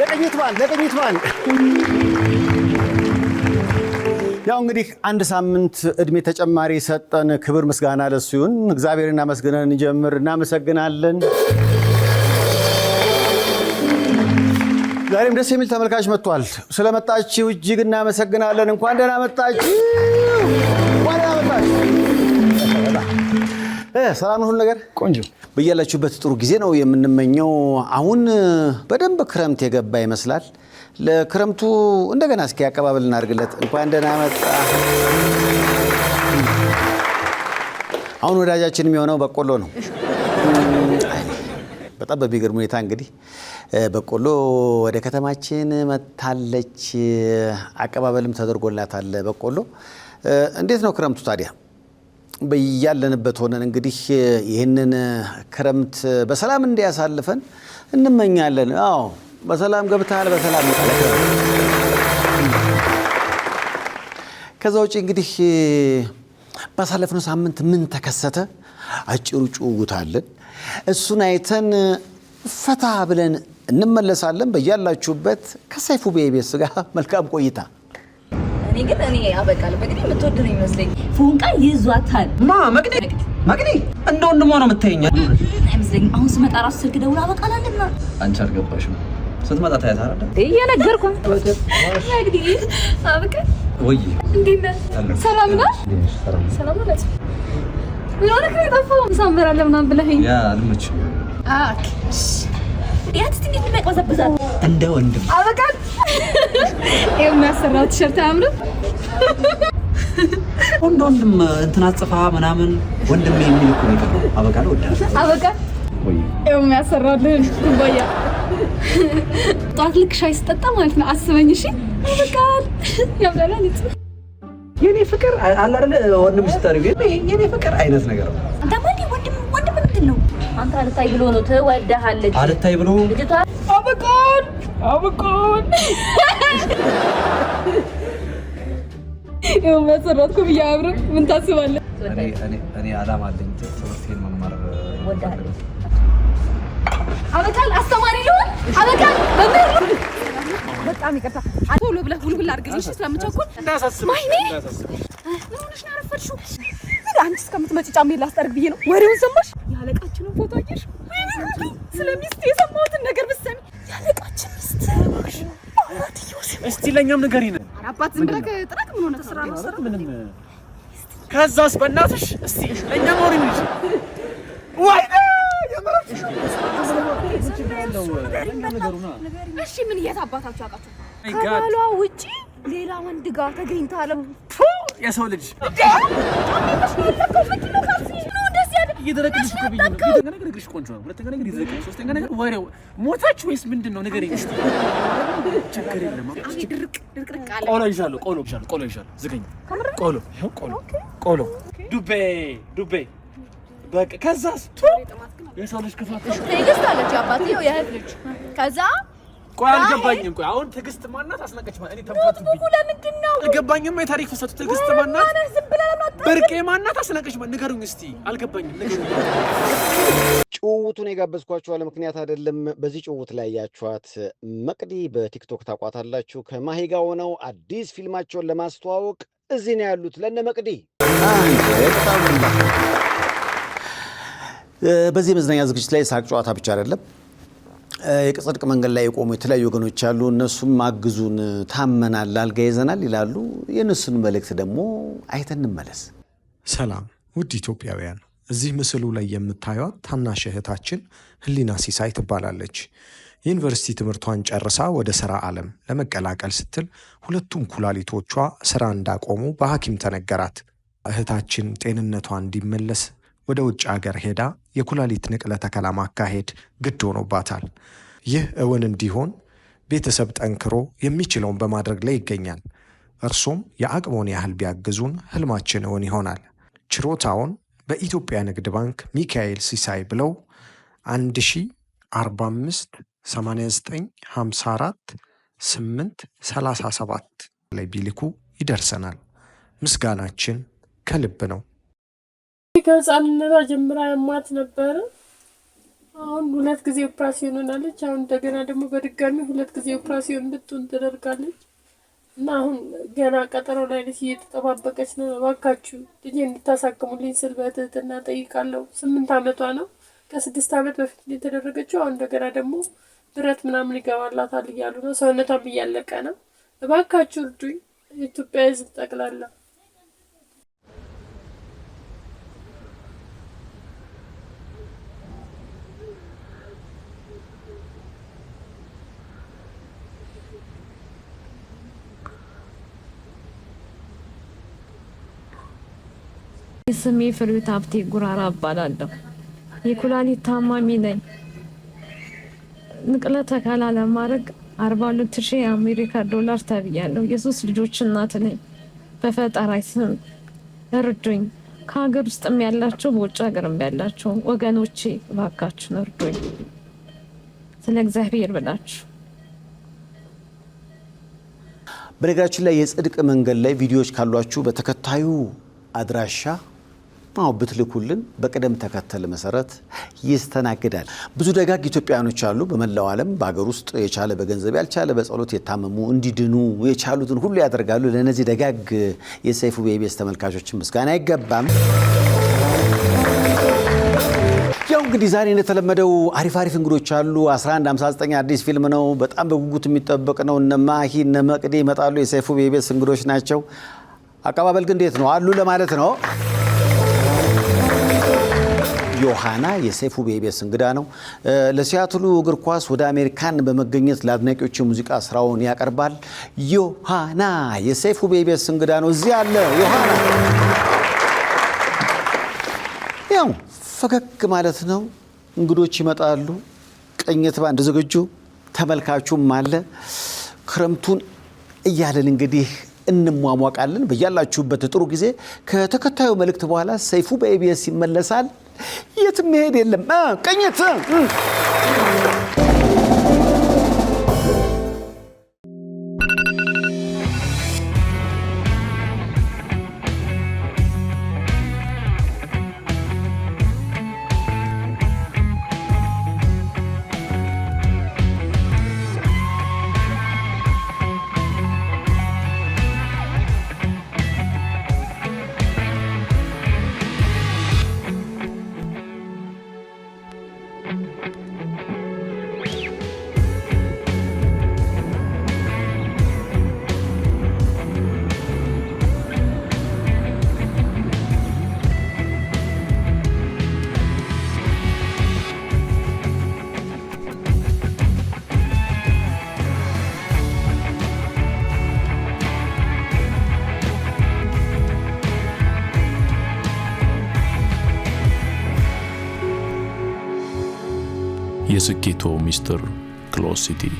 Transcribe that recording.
ለቅኝት በዓል ለቅኝት በዓል ያው እንግዲህ አንድ ሳምንት እድሜ ተጨማሪ ሰጠን። ክብር ምስጋና ለሱ ይሁን። እግዚአብሔር እናመስግነን እንጀምር። እናመሰግናለን። ዛሬም ደስ የሚል ተመልካች መጥቷል። ስለመጣችሁ እጅግ እናመሰግናለን። እንኳን ደህና መጣችሁ። ሰላም ሁሉ ነገር ቆንጆ በያላችሁበት ጥሩ ጊዜ ነው የምንመኘው። አሁን በደንብ ክረምት የገባ ይመስላል። ለክረምቱ እንደገና እስኪ አቀባበል እናርግለት እንኳን ደህና መጣ። አሁን ወዳጃችን የሚሆነው በቆሎ ነው። በጣም በሚገርም ሁኔታ እንግዲህ በቆሎ ወደ ከተማችን መታለች፣ አቀባበልም ተደርጎላታል። በቆሎ እንዴት ነው ክረምቱ ታዲያ? ያለንበት ሆነን እንግዲህ ይህንን ክረምት በሰላም እንዲያሳልፈን እንመኛለን። አዎ በሰላም ገብተሃል፣ በሰላም ከዛ ውጭ እንግዲህ ባሳለፍነው ሳምንት ምን ተከሰተ? አጭሩ ጭውውት አለን። እሱን አይተን ፈታ ብለን እንመለሳለን። በያላችሁበት ከሰይፉ ቤቤስ ጋር መልካም ቆይታ ግን እኔ አበቃል መቅዲ የምትወድ ነው ይመስለኝ። ፎንቃ ይዟታል። ማ መቅዲ መቅዲ እንደ ወንድሟ ነው የምታየኛል አይመስለኝም። አሁን ስመጣ ራሱ ስልክ ደውላ አበቃላለና አንቺ አልገባሽም። ስትመጣ ታያት አይደል? እየነገርኩ መቅዲ አበቃ ወይ እንዴት ሰላም ነህ? ሰላም ነው እንደ ወንድም አበቃ የሚያሰራው ቲሸርት አያምርም? ወንድ ወንድም እንትና ጽፋ ምናምን ወንድም የሚል እኮ ነገር ነው። አበቃል ወዳ አበቃል የሚያሰራልህን ኩባያ ጠዋት ልክ ሻይ ስጠጣ ማለት ነው አስበኝ። እሺ አበቃል ያብላላል የኔ ፍቅር አለ ወንድም ስጠሪ የኔ ፍቅር አይነት ነገር ነው። ወንድም ወንድም ምንድን ነው? አንተ አልታይ ብሎ ነው ትወዳሃለች። አልታይ ብሎ ልጅቷ አበቃል አበቃል ይኸው መሰረትኩ ብዬ አብረ ምን ታስባለህ? እኔ አላማ አለኝ። ትምህርቴን መማር አበቃል። አስተማሪ ልሆን አበቃል። በጣም ይቅርታ። ቶሎ ብለህ ውልውል አድርግልኝ ስለምቸኩል። ማይኔ ምን ሆነሽ ነው ያረፈድሽው? አንቺ እስከምትመጪ ጫሜ ላስጠርግ ብዬ ነው። ወሬውን ሰማሽ? ያለቃችንን ፎቶ አየሽ? ስለ ሚስት የሰማሁትን ነገር ብትሰሚ ያለቃችን ሚስት እስቲ ለእኛም ንገሪን አባት ብለህ ጥረቅ ምን ሆነ? ስራ ነው ስራ ምንም። ከዛስ በእናትሽ እስቲ እኛ ኖር ይምልሽ ወይ እሺ፣ ምን የት አባታችሁ አውቃችሁ? Oh ከባሏ ውጪ ሌላ ወንድ ጋር ተገኝታለም። የሰው ልጅ እየተለቀቅሽ እኮ ብዬሽ ነው። ሁለተኛ ነገር እግርሽ ቆንጆ ነው። ሁለተኛ ነገር እየተለቀቅሽ፣ ሶስተኛ ነገር ወሬው ሞታች ወይስ ምንድን ነው ነገር? ችግር የለም ቆሎ ይዣለሁ። ቆሎ ይዣለሁ። ዝገኝ ቆሎ ቆሎ ቆሎ ዱቤ ዱቤ በቃ ከዛስ የሰው ልጅ ክፋት ትዕግስት አለች አባት የእህት ልጅ ከዛ ቆይ አልገባኝም። ቆይ አሁን ትዕግስት ማናት አስናቀች ማለት ትዕግስት ማናት? እስቲ። አልገባኝም። ጭውውቱን የጋበዝኳችሁ አለ ምክንያት አይደለም። በዚህ ጭውውት ላይ ያያችኋት መቅዲ በቲክቶክ ታቋታላችሁ። ከማሂ ጋር ሆነው አዲስ ፊልማቸውን ለማስተዋወቅ እዚህ ነው ያሉት። ለነ መቅዲ በዚህ መዝናኛ ዝግጅት ላይ ሳቅ ጨዋታ ብቻ አይደለም የጽድቅ መንገድ ላይ የቆሙ የተለያዩ ወገኖች አሉ። እነሱም አግዙን፣ ታመናል፣ አልጋ ይዘናል ይላሉ። የእነሱን መልእክት ደግሞ አይተን እንመለስ። ሰላም ውድ ኢትዮጵያውያን፣ እዚህ ምስሉ ላይ የምታዩት ታናሽ እህታችን ህሊና ሲሳይ ትባላለች። የዩኒቨርሲቲ ትምህርቷን ጨርሳ ወደ ስራ ዓለም ለመቀላቀል ስትል ሁለቱም ኩላሊቶቿ ስራ እንዳቆሙ በሐኪም ተነገራት። እህታችን ጤንነቷ እንዲመለስ ወደ ውጭ አገር ሄዳ የኩላሊት ንቅለ ተከላ ማካሄድ ግድ ሆኖባታል። ይህ እውን እንዲሆን ቤተሰብ ጠንክሮ የሚችለውን በማድረግ ላይ ይገኛል። እርሶም የአቅሞን ያህል ቢያግዙን ህልማችን እውን ይሆናል። ችሮታውን በኢትዮጵያ ንግድ ባንክ ሚካኤል ሲሳይ ብለው 1045 8954 ላይ ቢልኩ ይደርሰናል። ምስጋናችን ከልብ ነው። ከህፃንነቷ ጀምራ ያማት ነበረ። አሁን ሁለት ጊዜ ኦፕራሲዮን ሆናለች። አሁን እንደገና ደግሞ በድጋሚ ሁለት ጊዜ ኦፕራሲዮን እንድትሆን ትደርጋለች። እና አሁን ገና ቀጠሮ ላይ ነች፣ እየተጠባበቀች ነው። እባካችሁ ልጄ እንድታሳክሙልኝ ስል በትህትና ጠይቃለሁ። ስምንት ዓመቷ ነው። ከስድስት ዓመት በፊት የተደረገችው። አሁን እንደገና ደግሞ ብረት ምናምን ይገባላታል እያሉ ነው። ሰውነቷም እያለቀ ነው። እባካችሁ እርዱኝ፣ የኢትዮጵያ ህዝብ ጠቅላላ ስሜ ፍሬሕይወት ሀብቴ ጉራራ እባላለሁ። የኩላሊት ታማሚ ነኝ። ንቅለ ተከላ ለማድረግ አርባ ሁለት ሺህ የአሜሪካ ዶላር ተብያለሁ። የሶስት ልጆች እናት ነኝ። በፈጠራ ስም እርዱኝ። ከሀገር ውስጥም ያላቸው በውጭ ሀገርም ያላቸው ወገኖቼ እባካችሁን እርዱኝ፣ ስለ እግዚአብሔር ብላችሁ። በነገራችን ላይ የጽድቅ መንገድ ላይ ቪዲዮዎች ካሏችሁ በተከታዩ አድራሻ አዎ ብትልኩልን በቅደም ተከተል መሰረት ይስተናግዳል። ብዙ ደጋግ ኢትዮጵያውያኖች አሉ በመላው ዓለም በሀገር ውስጥ የቻለ በገንዘብ ያልቻለ በጸሎት የታመሙ እንዲድኑ የቻሉትን ሁሉ ያደርጋሉ። ለእነዚህ ደጋግ የሰይፉ ኢቢኤስ ተመልካቾችን ምስጋና አይገባም። ያው እንግዲህ ዛሬ እንደተለመደው አሪፍ አሪፍ እንግዶች አሉ። 1159 አዲስ ፊልም ነው፣ በጣም በጉጉት የሚጠበቅ ነው። እነ ማሂ እነ ይመጣሉ። የሰይፉ ኢቢኤስ እንግዶች ናቸው። አቀባበል ግን እንዴት ነው አሉ ለማለት ነው። ዮሐና የሰይፉ ቤቤስ እንግዳ ነው። ለሲያትሉ እግር ኳስ ወደ አሜሪካን በመገኘት ለአድናቂዎች የሙዚቃ ስራውን ያቀርባል። ዮሐና የሰይፉ ቤቤስ እንግዳ ነው። እዚህ አለ ዮሐና ያው ፈገግ ማለት ነው። እንግዶች ይመጣሉ። ቅኝት ባንድ ዝግጁ፣ ተመልካቹም አለ። ክረምቱን እያለን እንግዲህ እንሟሟቃለን። በያላችሁበት ጥሩ ጊዜ። ከተከታዩ መልእክት በኋላ ሰይፉ በኢቢኤስ ይመለሳል። የትም መሄድ የለም ቅኝት Thank you. የስኬቶ ሚስጥር ክሎሲቲ